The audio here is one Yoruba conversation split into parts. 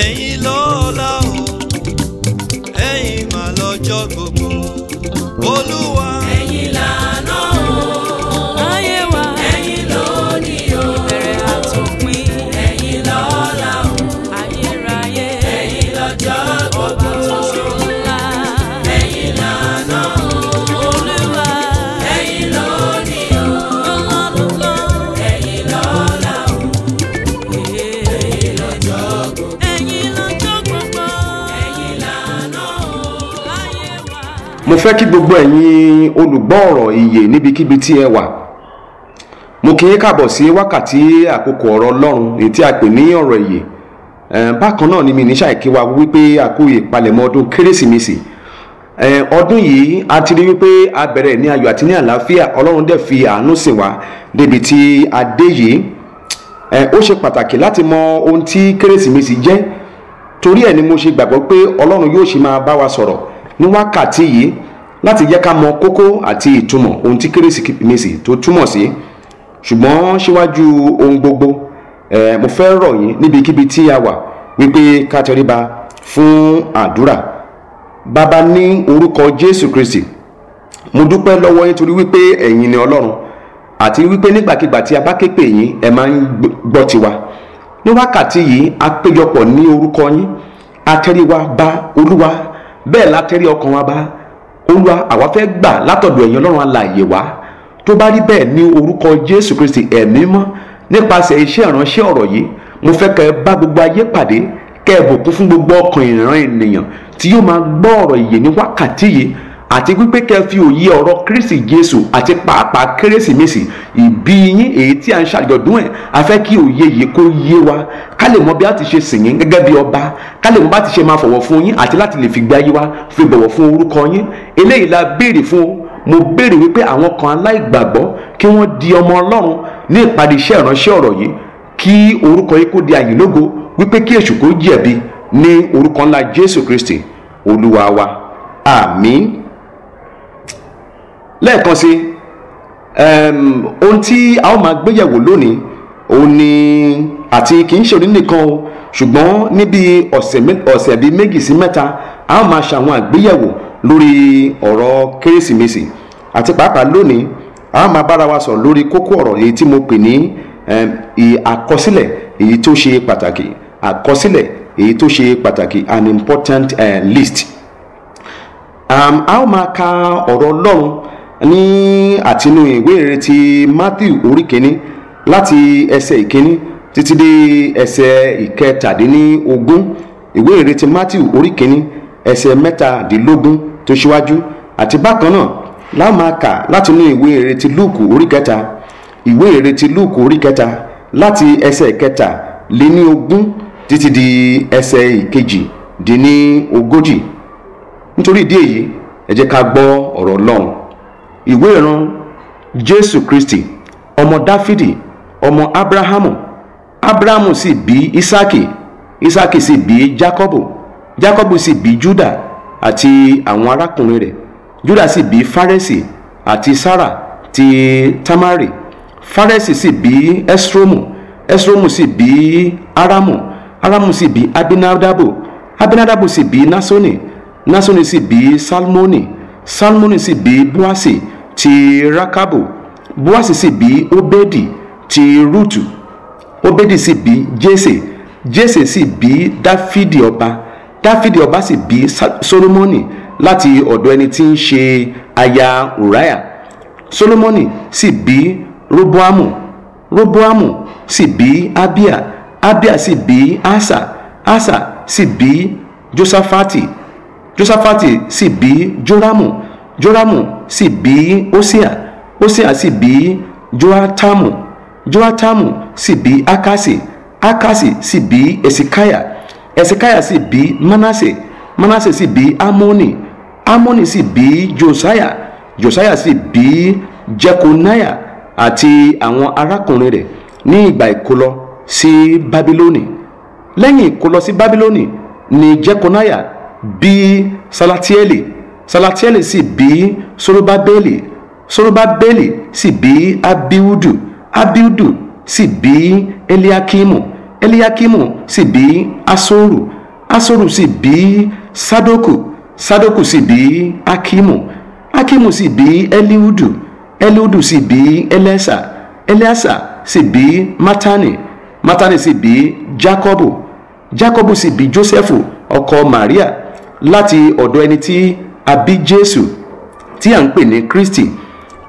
ẹ̀yin lọ́la o ẹ̀yin mà lọ́jọ́ gbogbo olúwa. mo fẹ́ kí gbogbo ẹ̀yin olùgbọ́ ọ̀rọ̀ ìyè níbikíbi tí ẹ wà mo kí yín káàbọ̀ sí wákàtí àkókò ọ̀rọ̀ ọlọ́run èyí tí a pè ní ọ̀rọ̀ ìyè bákan náà ni mi ní ṣàìkí wa wípé a kú ìpalẹ̀mọ́ ọdún kérésìmesì ọdún yìí a ti rí wípé a bẹ̀rẹ̀ ní ayọ̀ àti ní àlàáfíà ọlọ́run dẹ̀ fi àánú sìn wá débi tí a dé yìí ó ṣe pàtàkì láti mọ ohun tí kérésìmesì jẹ́ torí ẹ̀ ni mo ṣe gbàgbọ́ pé ọlọ́run yóò ṣe máa bá wa sọ̀rọ̀ ní wákàtí yìí láti jẹ́ ká mọ kókó àti ìtumọ̀ ohun tí kérésìmesì tó túmọ̀ sí ṣùgbọ́n síwájú ohun gbogbo eh, mo fẹ́ rọ̀ yín níbikíbi tí a wà wípé ká tẹríba fún àdúrà bàbá ní orúkọ Jésù Kristi mo dúpẹ́ lọ́wọ́ yín torí wípé ẹ̀yin ni Ọlọ́run àti wípé nígbàkigbà tí a bá ké pè yín ẹ máa ń gbọ́ tiwa ní wákàtí yìí a péjọpọ̀ ní orúkọ yín a bá Olúwa bẹ́ẹ̀ látẹ́rí ọkàn wa bá olúwa àwa fẹ́ gbà látọ̀dọ̀ ẹ̀yin ọlọ́run alààyè wa tó bá rí bẹ́ẹ̀ ní orúkọ jésù kristi ẹ̀mí mọ́ nípasẹ̀ iṣẹ́ ìránṣẹ́ ọ̀rọ̀ yìí mo fẹ́ kẹ́ ẹ bá gbogbo ayé pàdé kẹ́ ẹ bùkún fún gbogbo ọkàn ìran ènìyàn tí yóò máa gbọ́ ọ̀rọ̀ ìyè ní wákàtí yìí àti wípé kẹ́ fi òye ọ̀rọ̀ kristi jésù àti pàápàá kérésìmesì ìbí yín èyí tí a ń ṣàjọ̀dún ẹ̀ a fẹ́ kí òye yìí kó yé wa ká lè mọ bí a ti ṣe sìn yín gẹ́gẹ́ bí ọba ká lè mọ bá ti ṣe máa fọ̀wọ̀ fún yín àti láti lè fi gbé ayé wa fi bọ̀wọ̀ fún orúkọ yín eléyìí la béèrè fún mo béèrè wípé àwọn kan aláìgbàgbọ́ kí wọ́n di ọmọ ọlọ́run ní ìpàdé iṣẹ́ ìránṣẹ́ ọ̀rọ̀ yìí kí orúkọ yìí kó di àyìnlógo wípé kí èṣù kó jẹ̀bi ní orúkọ ńlá jésù kristi olúwa wa àmín lẹ́ẹ̀kan sí ohun tí a ó máa gbéyẹ̀wò lónìí òun ni àti kì í ṣe òní nìkan o ṣùgbọ́n níbi ọ̀sẹ̀ bíi méjì sí mẹ́ta a ó máa ṣàwọn àgbéyẹ̀wò lórí ọ̀rọ̀ kérésìmesì àti pàápàá lónìí a ó máa bára wa sọ̀rọ̀ lórí kókó ọ̀rọ̀ èyí tí mo pè ní àkọsílẹ̀ èyí tó ṣe pàtàkì àkọsílẹ̀ èyí tó ṣe pàtàkì an important uh, list um, a ó máa ka ọ̀rọ̀ ọlọ́run ní àtinú ìwé ìrere ti Matthew orí kínní láti ẹsẹ̀ ìkínní títí dé ẹsẹ̀ ìkẹtàdínlógún ìwé ìrere ti Matthew orí kínní ẹsẹ̀ mẹ́tàdínlógún tó ṣíwájú àti bákan náà la máa kà látinú ìwé ìrere ti Lúùkù orí kẹta ìwé ìrere ti Lúùkù orí kẹta láti ẹsẹ̀ kẹta lé ní ogún títí di ẹsẹ̀ ìkejì dín ní ogójì nítorí ìdí èyí ẹ jẹ́ ká gbọ́ ọ̀rọ̀ Ọlọ́run ìwé ìran jésù kristi ọmọ dáfídì ọmọ abrahamu abrahamu sì si bí isaki isaki sì si bí jacobo jacobo sì si bí juda àti àwọn arákùnrin rẹ̀ juda sì bí faresi àti sara ti tamari faresi sì bí esromu esromu sì bí aramu aramu sì bí abinadabo abinadabo sì bí nasoni nasoni sì bí salmoni salmoni sì bí buasi ti rákábù búwásì sì bí óbẹ́dì ti rúùtù óbẹ́dì sì bí jésè jésè sì bí dáfídì ọba dáfídì ọba sì bí sólómọ́nì láti ọ̀dọ̀ ẹni tí ń ṣe aya ùráyà sólómọ́nì sì bí roboamu roboamu sì bí abia abia sì bí asa asa sì bí josafati josafati sì bí joramu joramu sì bí osia osia sì bí joatamu joatamu sì bí akasi akasi sì bí esikaya esikaya sì bí manase manase sì bí amoni amoni sì bí josiah josiah sì bí jekonaya àti àwọn arákùnrin rẹ̀ ní ìgbà ìkólọ sí si babiloni lẹ́yìn ìkólọ sí si babiloni ni jekonaya bí salatieli salatieli sì bí sorobabeli sorobabeli sì bí abiudu abiudu sì bí eliakimu eliakimu sì bí asoru asoru sì bí sadoku sadoku sì bí akimu akimu sì bí eliudu eliudu sì bí elesa elesa sì bí matani matani sì bí jacobu jacobu sì bí joseph ọkọ maria láti ọ̀dọ̀ ẹni tí àbí Jésù tí à ń pè ní Kristi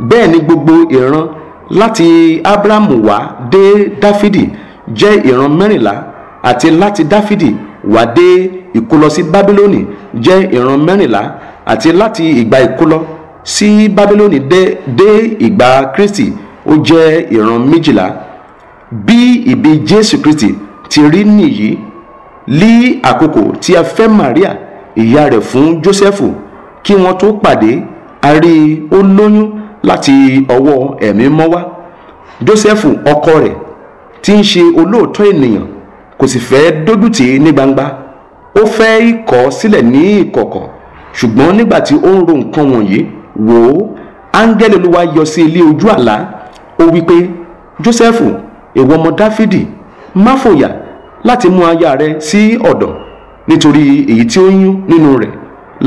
bẹ́ẹ̀ ni gbogbo ìran láti Ábúráhámù wá dé Dáfídì jẹ́ ìran mẹ́rìnlá àti láti Dáfídì wá dé ìkólọ sí Bábílónì jẹ́ ìran mẹ́rìnlá àti láti ìgbà ìkólọ sí Bábílónì dé dé ìgbà Kristi ó jẹ́ ìran méjìlá bí ìbí Jésù Kristi ti rí nìyí lí àkókò tí a fẹ́ Màríà ìyá rẹ̀ fún Jósẹ́fù kí wọ́n tó pàdé a rí i ó lóyún láti ọwọ́ ẹ̀mí mọ́ wá Jósẹ́fù ọkọ rẹ̀ tí ń ṣe olóòótọ́ ènìyàn kò sì fẹ́ dójútì ní gbangba ó fẹ́ ikọ̀ sílẹ̀ ní ìkọ̀kọ̀ ṣùgbọ́n nígbà tí ó ń ro nǹkan wọ̀nyí wò ó áńgẹ́lì olúwa yọ sí ilé ojú àlá ó wí pé Jósẹ́fù èwo ọmọ Dáfídì má fòyà láti mú aya rẹ sí ọ̀dọ̀ nítorí èyí tí ó ń yún nínú rẹ̀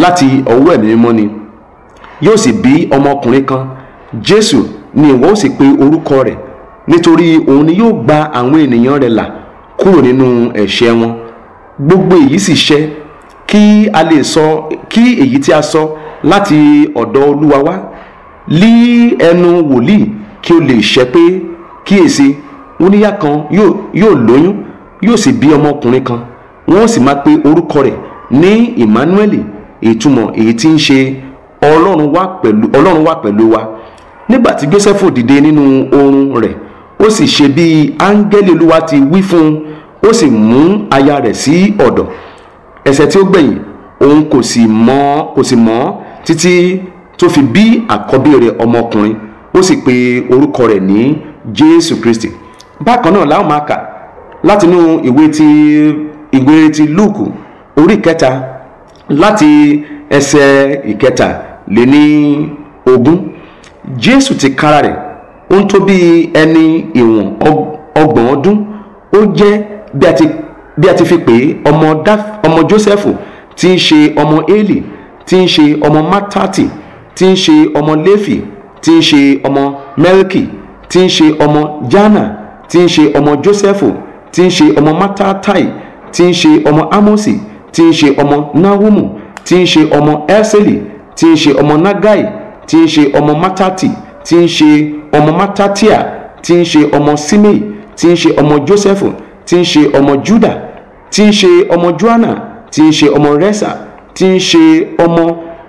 láti ọwọ́ ẹ̀mí mímọ́ ni yóò sì bí ọmọkùnrin kan jésù ni ìwọ ó sì pe orúkọ rẹ̀ nítorí òun ni yóò gba àwọn ènìyàn rẹ̀ là kúrò nínú ẹ̀ṣẹ̀ wọn gbogbo èyí sì ṣẹ kí a lè sọ kí èyí tí a sọ láti ọ̀dọ̀ olúwa wá lí ẹnu wòlíì kí o lè ṣẹ pé kíyèsí oníyá kan yóò lóyún yóò sì bí ọmọkùnrin kan wọn ó sì máa pe orúkọ rẹ̀ ní Emmanuel ìtumọ̀ èyí tí ń ṣe ọlọ́run wà pẹ̀lú ọlọ́run wà pẹ̀lú wa nígbà tí jósẹ́fù dìde nínú oorun rẹ̀ ó sì ṣe bí áńgẹ́lì olúwa ti wí fún un ó sì mú aya rẹ̀ sí ọ̀dọ̀ ẹsẹ̀ tí ó gbẹ̀yìn òun kò sì mọ̀ kò sì mọ̀ títí tó fi bí àkọ́bí rẹ̀ ọmọkùnrin ó sì pe orúkọ rẹ̀ ní jésù kristi bákan náà láwọn máa kà látinú ìwé ti ìwé ti lúùkù orí kẹta láti ẹsẹ̀ ìkẹta lé ní ogún jésù ti kára rẹ̀ ó ń tó bí ẹni ìwọ̀n ọgbọ̀n ọdún ó jẹ́ bí a ti fi pè é ọmọ jósẹ́fù tí ń ṣe ọmọ élì tí ń ṣe ọmọ mátátì tí ń ṣe ọmọ léfì tí ń ṣe ọmọ mẹ́ríkì tí ń ṣe ọmọ jánà tí ń ṣe ọmọ jósẹ́fù tí ń ṣe ọmọ mátátáì tí ń ṣe ọmọ ámósì tí ń ṣe ọmọ nahumu tí ń ṣe ọmọ eseli tí ń ṣe ọmọ nagai tí ń ṣe ọmọ matati tí ń ṣe ọmọ matatia tí ń ṣe ọmọ simei tí ń ṣe ọmọ joseph tí ń ṣe ọmọ juda tí ń ṣe ọmọ joanna tí ń ṣe ọmọ resa tí ń ṣe ọmọ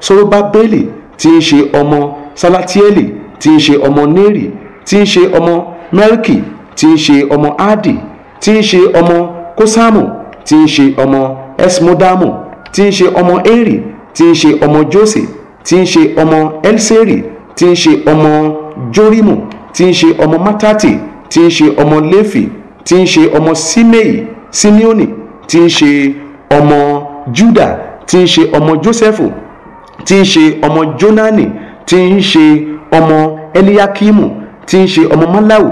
sorobabeli tí ń ṣe ọmọ salatieli tí ń ṣe ọmọ neri tí ń ṣe ọmọ melki tí ń ṣe ọmọ adi tí ń ṣe ọmọ kosamu tí ń ṣe ọmọ Esmodamo, tí ń ṣe ọmọ eri tí ń ṣe ọmọ jose tí ń ṣe ọmọ elseri tí ń ṣe ọmọ jorimu tí ń ṣe ọmọ matati tí ń ṣe ọmọ lefi tí ń ṣe ọmọ simei simeoni tí ń ṣe ọmọ juda tí ń ṣe ọmọ joseph tí ń ṣe ọmọ jonani tí ń ṣe ọmọ eliakimu tí ń ṣe ọmọ malawu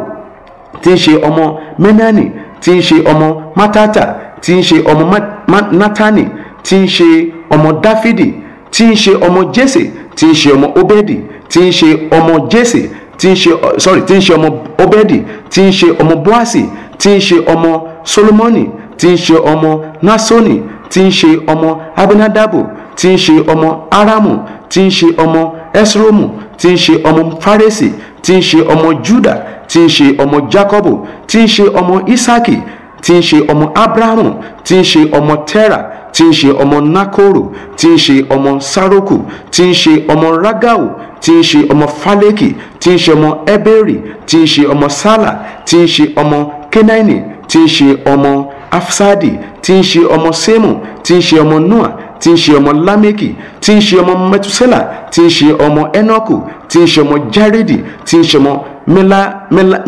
tí ń ṣe ọmọ menani tí ń ṣe ọmọ matata tí ń ṣe ọmọ nátánì tí ń ṣe ọmọ dáfídì tí ń ṣe ọmọ jésè tí ń ṣe ọmọ obedi tí ń ṣe ọmọ jésè tí ń ṣe sorry tí ń ṣe ọmọ obedi tí ń ṣe ọmọ boasi tí ń ṣe ọmọ solomoni tí ń ṣe ọmọ nasoni tí ń ṣe ọmọ abinadabo tí ń ṣe ọmọ aramu tí ń ṣe ọmọ esromu tí ń ṣe ọmọ faresi tí ń ṣe ọmọ juda tí ń ṣe ọmọ jacobo tí ń ṣe ọmọ isaki tí ń ṣe ọmọ abrahamu tí ń ṣe ọmọ tera tí ń ṣe ọmọ nakoro tí ń ṣe ọmọ saroku tí ń ṣe ọmọ ragau tí ń ṣe ọmọ faleki tí ń ṣe ọmọ eberi tí ń ṣe ọmọ sala tí ń ṣe ọmọ kenaini tí ń ṣe ọmọ afsadi tí ń ṣe ọmọ semu tí ń ṣe ọmọ noah tí ń ṣe ọmọ lámẹ́kì tí ń ṣe ọmọ mẹtúsẹ́là tí ń ṣe ọmọ ẹnọ́kù tí ń ṣe ọmọ járẹ́dì tí ń ṣe ọmọ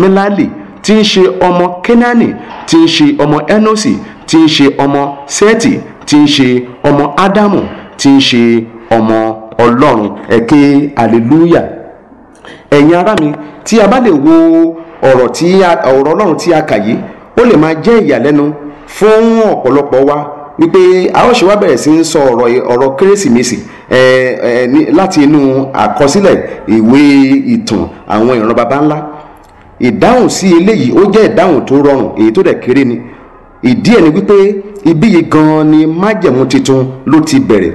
mẹ́lálì tí ń ṣe ọmọ kenani tí ń ṣe ọmọ enosi tí ń ṣe ọmọ seti tí ń ṣe ọmọ ádámù tí ń ṣe ọmọ ọlọ́run ẹ̀kẹ́ hallelujah ẹ̀yin ará mi tí a bá lè wo ọ̀rọ̀ tí ọ̀rọ̀ ọlọ́run tí a kà yìí ó lè máa jẹ́ ìyàlẹ́nu fún ọ̀pọ̀lọpọ̀ wa wípé a ó ṣe wá bẹ̀rẹ̀ sí ń sọ ọ̀rọ̀ ọ̀rọ̀ kérésìmesì láti inú àkọsílẹ̀ ìwé ìtàn àwọn ìran baba ńlá ìdáhùn sí eléyìí ó jẹ́ ìdáhùn tó rọrùn èyí tó dẹ̀ kéré ni ìdí ẹ̀ ni wípé ibí yìí gan-an ni májẹ̀mú tuntun ló ti bẹ̀rẹ̀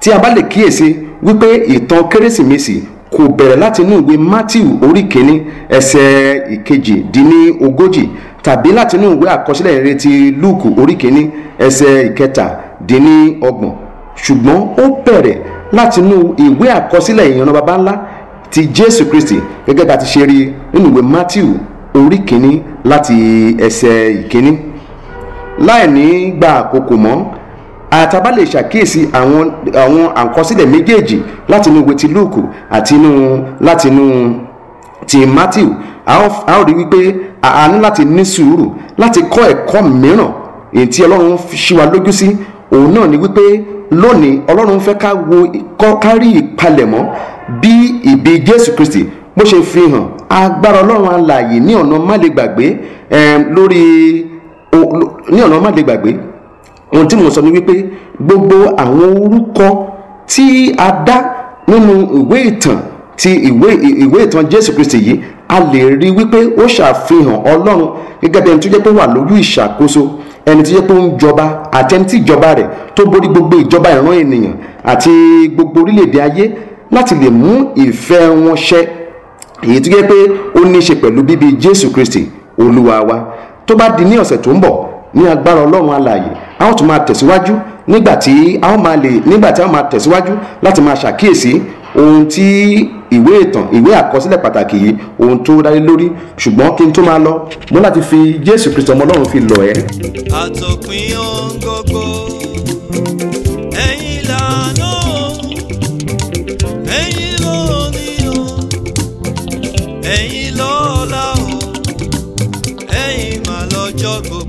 tí a bá lè kíyèsí wípé ìtàn kérésìmesì kò bẹ̀rẹ̀ láti inú ìwé matthew orí kìíní ẹsẹ̀ ìkejì dín ní ogójì tàbí láti inú ìwé àkọsílẹ̀ rere ti luke orí kìíní ẹsẹ̀ ìkẹta dín ní ọgbọ̀n ṣùgbọ́n ó bẹ̀rẹ̀ láti inú ìwé àkọsílẹ̀ ìyànnà baba ńlá ti jésù kristi gẹ́gẹ́ bá ti ṣe rí nínú ìwé matthew orí kìíní láti ẹsẹ̀ ìkíní láìní gba àkókò mọ́ àtàbá lè ṣàkíyèsí àwọn àwọn àkọsílẹ̀ méjèèjì láti inú ìwé ti luke àti inú láti inú ti matthew a ó rí wípé a ní láti ní sùúrù láti kọ́ ẹ̀kọ́ mìíràn èyí tí ọlọ́run ṣí wa lójú sí òun náà ni wípé lónìí ọlọ́run fẹ́ ká wo kọ́ ká ìpalẹ̀mọ́ bí ìbí jésù kristi bó ṣe fi hàn agbára ọlọ́run alààyè ní ọ̀nà má lè gbàgbé lórí ní ọ̀nà má lè gbàgbé ohun tí mo sọ ni wípé gbogbo àwọn orúkọ tí a dá nínú ìwé ìtàn ti ìwé ìwé ìtàn jésù kristi yìí a lè rí wípé ó ṣàfihàn ọlọ́run gẹ́gẹ́ bí ẹni tó jẹ́ pé wà lójú ìṣàkóso ẹni tó jẹ́ pé ń jọba àti ẹni tí ìjọba rẹ̀ tó borí gbogbo ìjọba ìran ènìyàn àti gbogbo orílẹ̀-èdè ayé láti lè mú ìfẹ́ wọn ṣẹ èyí tó jẹ́ pé ó ní í ṣe pẹ̀lú bíbí Jésù Kristi olúwa wa tó bá di ní ọ̀sẹ̀ tó ń bọ̀ ní agbára Ọlọ́run alààyè a ó tún máa tẹ̀síwájú nígbà tí a ó máa lè nígbà tí a ó máa tẹ̀síwájú láti máa ṣàkíyèsí ohun tí ìwé ìtàn ìwé àkọsílẹ̀ pàtàkì yìí ohun tó dálé lórí ṣùgbọ́n kí n tó máa lọ mo láti fi Jésù Kristi ọmọ Ọlọ́run fi lọ̀ ẹ́. àtòpín ohun ẹ̀yin lọ́la o ẹ̀yin mà lọ́jọ́ gbogbo.